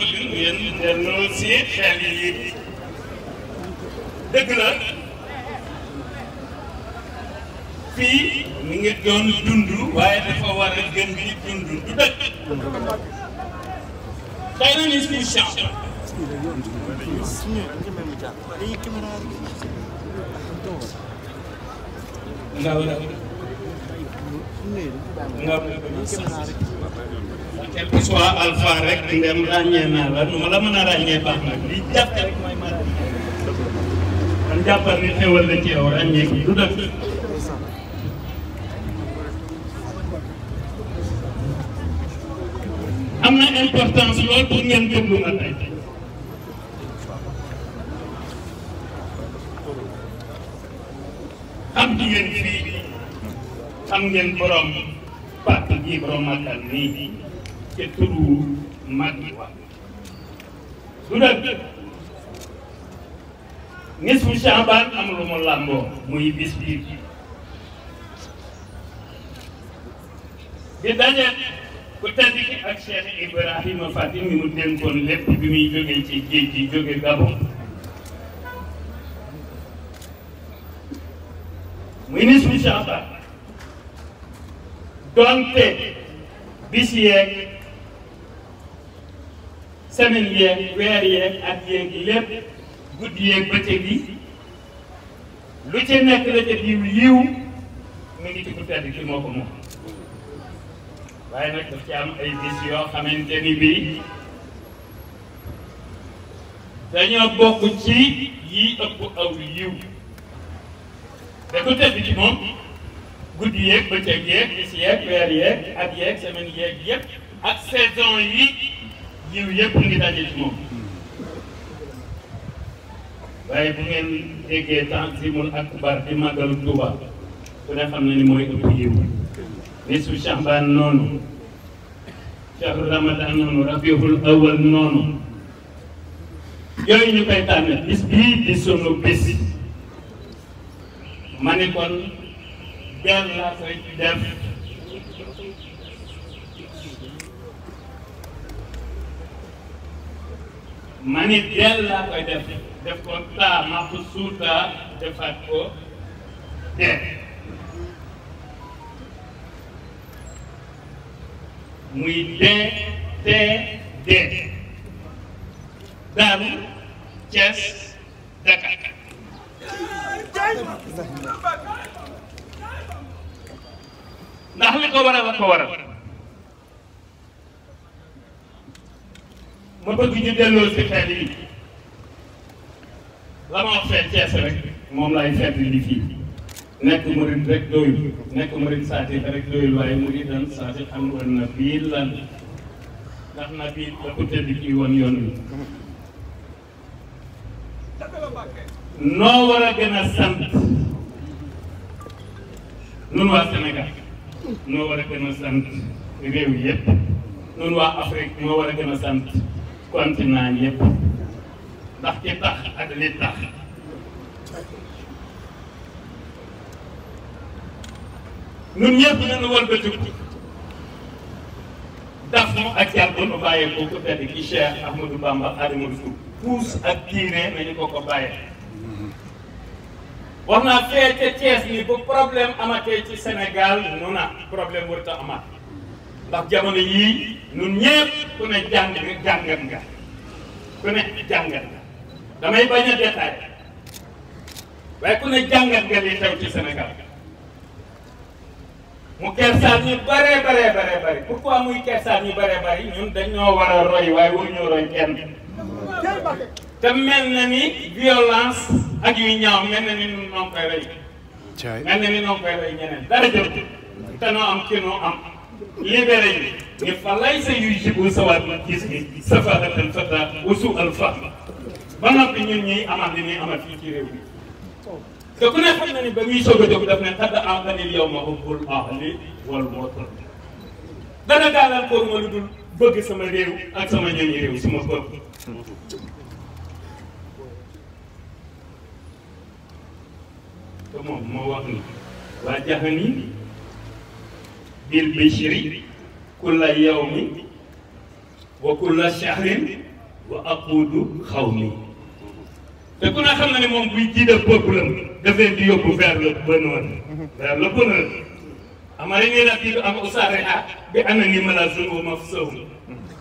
bëgg ngeen delloo si xel yi dëgg la fii mi ngi doon dund waaye dafa war a gën di dund du dëkk dynamisme bu change ndaw la quel que soit alpha rek ndem ràññee naa la nu ma la mën a ràññee baax nag li jàpp rek mooy ma kon jàppal ni xewal la ci yow ràññee gi du dëkk am na importance lool pour ngeen déglu ma tey am jigéen fii xam ngeen borom pàcc bii borom màggal nii ca turu mag yi wax du nag nisfu Shaaban am muy bis bii di daje ku tedd ki ak Cheikh Ibrahima Fatim mi mu dénkoon lépp bi muy jógee ci géej gi jóge Gabon muy nisfu Shaaban donte bis yeeg semaine yeeg weer yi lépp guddi yeeg bëccëg yi lu ci nekk la ca diw yiw mu ngi ci ku tedd ki moo ko moom am ay bis yoo xamante ni bii dañoo bokk ci yi ëpp aw yiw da ku tedd ci guddi yeeg bëccëg yeeg bis yeeg weer yeeg at yeeg semaine yeeg ak saison yi yiw yëpp ngi daje moom waaye bu ngeen déggee tanzimul akbar di màggalu Tuuba ku ne xam na ni mooy ëpp yiw nisu Shahbaan noonu shahru Ramadan noonu rabiul awal noonu yooyu ñu koy tànn bis bii di sunu bis ma ne benn laa koy def ma ni koy def def ko taa ma ko suuta defaat muy de te de Daaru Cees Dakar ndax li ko waral la ko waral ma bëgg ñu delloo si xel yi la ma wax fee Cees rek moom laay fekk li fii nekk murid rek doyul nekk murid saati rek doyul waaye muridan saati xam woon na bii lan ndax na bii la ko tëdd kii woon yoon wi noo war a gën a sant noo war a gën a sant réew yëpp ñun waa Afrique ñoo war a gën a sant ndax ci tax ak li tax ñun ñëpp nañu war ba jug daf mu ak yàlla nu bàyyi ko ko tedd ki Cheikh Ahmadou Bamba Xaadimu Rasuul puus ak tiiree nañu ko ko bàyyee wax naa fee ca Thiès ni bu problème amatee ci Sénégal nu na problème warut a amat ndax jamono yii ñun ñëpp ku ne jàng jàngat nga ku ne jàngat nga damay bañ a détaillé waaye ku ne jàngat nga li xew ci Sénégal mu kersaan ñu bare bare bare bare pourquoi muy kersaan ñu bare bare ñun dañoo war a roy waaye waruñoo roy kenn te mel na ni violence ak yuy ñaaw mel na ni ñun ñoo koy rey. jaay mel na ni ñoo koy rey ñeneen dara jot te noo am ki noo am. libéré ñu ne fa lay sa yuy jibu sawaat ma gis gi safaaratal fata usu al fahm ba noppi ñun ñuy amaat li ñuy amaat fii ci réew mi. te ku ne xam na ni ba muy soog a jóg daf ne xadd antanil yow ma hubbul ahli wal watan dana gaalal koor ma lu dul bëgg sama réew ak sama ñooñu réew si ma bopp. te moom moo wax ni waa jaxani bil bishri kulla wa kulla shahrin wa aqudu xawmi te ku ne xam na ne moom buy jiidal peuple am daf leen di yóbbu vers le bonheur vers le bonheur أمرني نبيل أم أصارع بأنني ملازم ومفسوم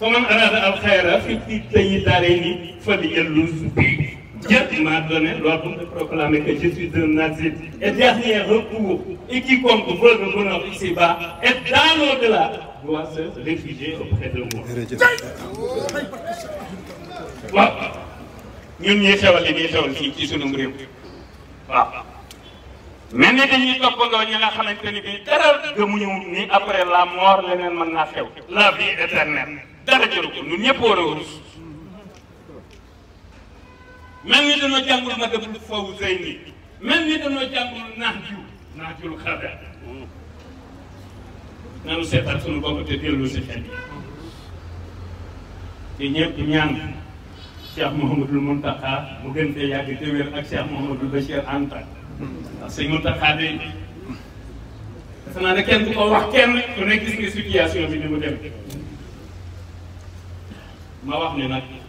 فمن أراد الخير في الدين دارين فليلز بي Dieu m'a donné l'ordre de proclamer que je suis un nazir. Et dernier recours, et quiconque veut le bonheur ici-bas et dans l'au-delà doit se réfugier auprès de moi. waaw ñun ñuy xewal li ñuy xewal fii ci sunum réew waaw mel ni dañuy toppandoo ñi nga xamante ni bii dara gëmuñu ni après la mort leneen mën naa xew la vie éternelle dara jëru ko ñun ñëpp war a mel ni dañoo jàngul ma dem foofu sëy nii mel ni dañoo jàngul naax jiw naax jiw xabaar nanu seetaat sunu bopp te dellu si xel yi te ñëpp ñaan Cheikh Mouhamadul mu gën fee yàgg te wér ak Cheikh Mouhamadul Bachir Anta ndax sëñ Mountakha de defe naa ne kenn ko wax kenn ne gis nga situation bi ni mu ma wax ni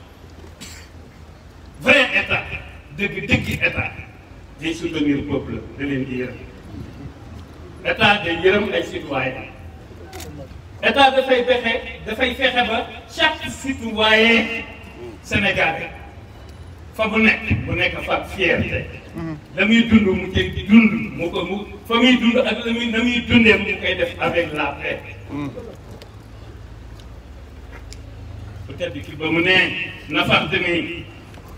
dëgg dëggi état day soutenir peuple da leen di yërëm état day yërëm ay citoyen état dafay fexe dafay fexe ba chaque citoyen sénégalais fa bu nekk bu nekk fa fierté mhm. la muy dund mu jëg dund mu ko mu fa muy dund ak la muy la mu koy def avec la paix mhm. peut ki ba mu ne nafar demi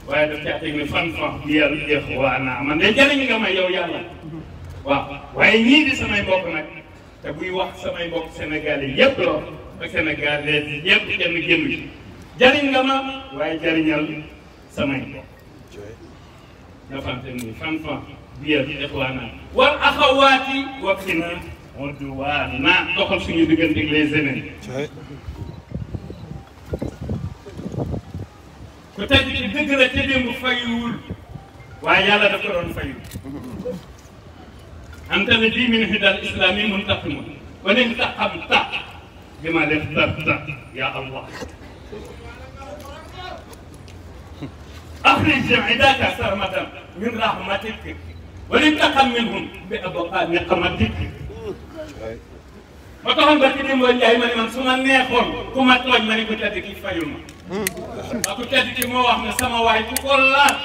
waaye daf caa teg ne fan fan liyal jeex waa naa man de jëriñ nga ma yow yàlla waaw waaye ñii te buy wax samay mbokk Sénégal yi yëpp lool ak Sénégal yi yëpp kenn génn ci jëriñ ni fan fan liyal jeex war axawaati waxi na on dit waa naa doxal suñu digganteeg les ku tedd ki dëgg la te démb fayuwul waaye yàlla daf ko doon fayu anta la di min hidal islami mun taxima wanen taxam tax bi ma def darta ya allah أخرج عبادك سرمة من رحمتك ولتقم منهم بأبقاء نقمتك ba taxoon ba ci dimbali Ndiaye ma ne man su ma neexoon ku ma tooñ ma ne ko tedd ki fayuma waa ku tedd ki moo wax ne sama waay ku ko laal.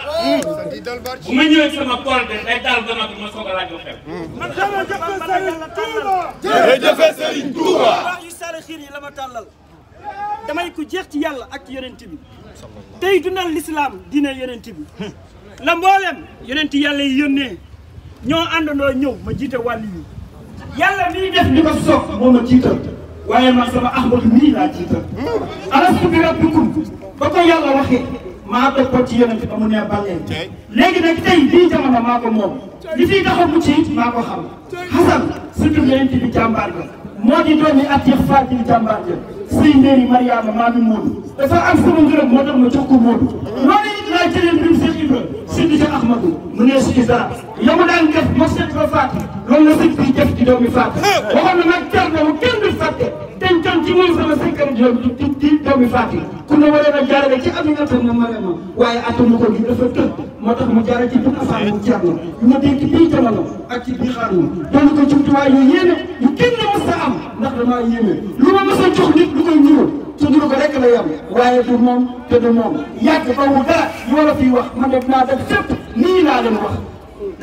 bu ma ñëwee sama kool de day dal dama bi ma soog a laaj lu xew. jërëjëf Serigne Touba. waa yi la ma tàllal. ku jeex ci yàlla ak yonent bi. tey dundal lislaam diine yonent bi. la mboolem yonent yàlla yi yónnee. ñoo àndandoo ñëw ma jiite wàll yi. yàlla miy def di ko soof moo ma jiital. waaye man sama ahmadu nii laa jiital hmm. alastu bi rabbikum ba ko yàlla waxee maa ko ko ci yonent ba mu ne bàllee léegi nag tey bii jamono maa ko moom li fiy tax a mucc it maa ko xam xasan surtout yonent bi jàmbaar ga moo di doomi at yëx fatil jàmbaar ja sëy ndéeri mariama maa mi móodu dafa am sama ngërëm moo tax ma jox ko móodu laay tëjee mbirum Cheikh Ibra Seydi Cheikh Ahmadou mu nee si daan def moo seet ba doomi fàtte waxoon na nag jar na mu kenn du fàtte dencoon ci moom sama di doom di doomi fàtte ku a jaarale ci ko gi dafa tëb moo tax mu jaarale ci benn affaire bu jar na yu ma bii jamono ak ci bii xaar moom doon ko jumtuwaay yu yéeme yu kenn mës a am ndax damaa yéeme lu ma mës a jox nit lu koy ñëwal tudd ko rek la yem waaye du moom te du moom yàgg ba wu dara yoo fi wax man de dinaa def fépp nii laa leen wax.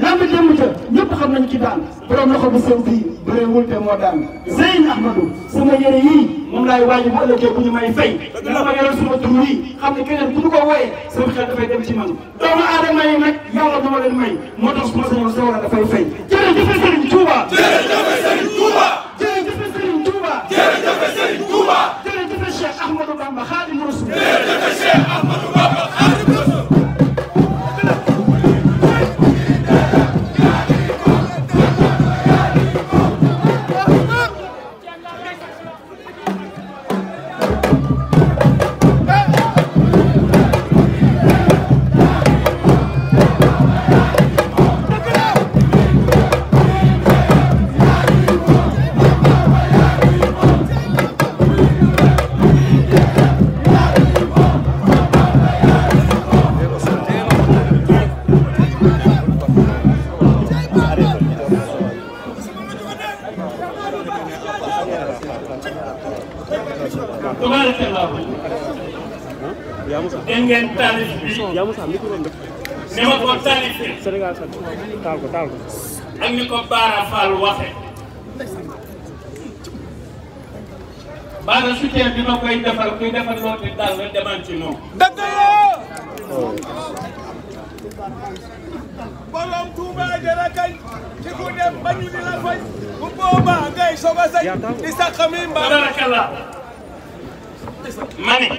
lamb démb ca ñëpp nañ ci daan borom loxo bu sew bii bëreewul te moo daan Zeyn Ahmadou sama yére yii moom laay waaj bu ëllëgee bu ñu may fay dina ma yore suma tur yi xam ne keneen bu ñu ko wooyee sama xel dafay dem ci man doomu aadama moo tax su ma sañoon sa war a dafay fay Bamba Xaadimu Rasuul Cheikh Ahmadou Bamba Xaadimu Rasuul Thank you. tabarakallah dégg ngeen taalif bi ni ma ko taalifee ak ni ko Baara Fall waxe Baara soutien bi ma koy defal kuy defal loo te daal nga demal ci noonu. dëgg la. borom Touba dara kañ ci ku dem bañu di la faj bu boobaa ngay soog a sañ di sax xam ni mbaa. ma ne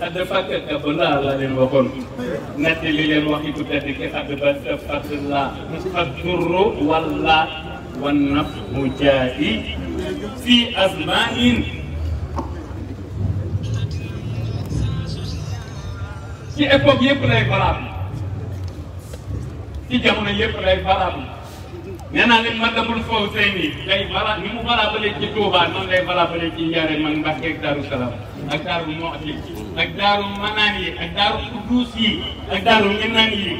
xadd fàkk ab laa laa leen waxoon nett li leen waxi ku tedd ki xadd ba fàkk laa addurru walla wan naf mu jaayi fii asmaain ci époque yëpp lay valable nee naa leen Matlaboul Fawzayni tey balaa ni mu valable ci Touba noonu lay valable ci Njaaréem ak Mbàkke ak Daaru Salaam ak Daaru Muxti ak Daaru Manaan yi ak Daaru Kuduus yi ak Daaru Minaan yi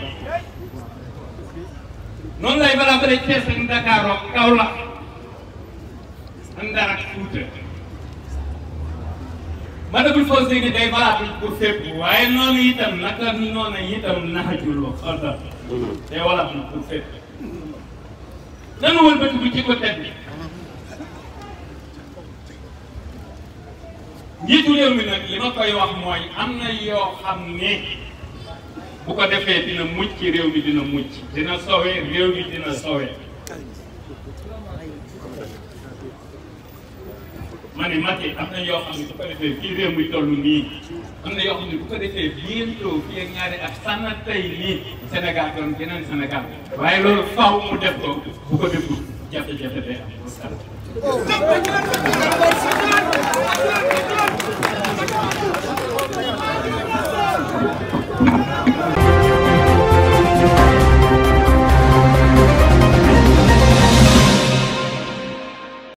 noonu lay valable ci Cees ak Dakar ak Kaolack Ndar ak Fuuta Matlaboul Fawzayni day valable pour fépp waaye noonu itam naka noonu itam naxajul wax day valable pour fépp nanu wëlbatiku ci ko teg bi njiitu mi nag li ma koy wax mooy am na yoo xam ne bu ko defee dina mucc réew mi dina mucc dina sowee réew mi dina sowee ma ne Macky am na yoo xam ne bu ko defee fii réew mi toll nii am na yoo xam ne bu ko defee bientôt fii ak ñaari ak sànna tey nii Sénégal doon geneen Sénégal waaye loolu faaw mu def ko bu ko def jafe-jafe day am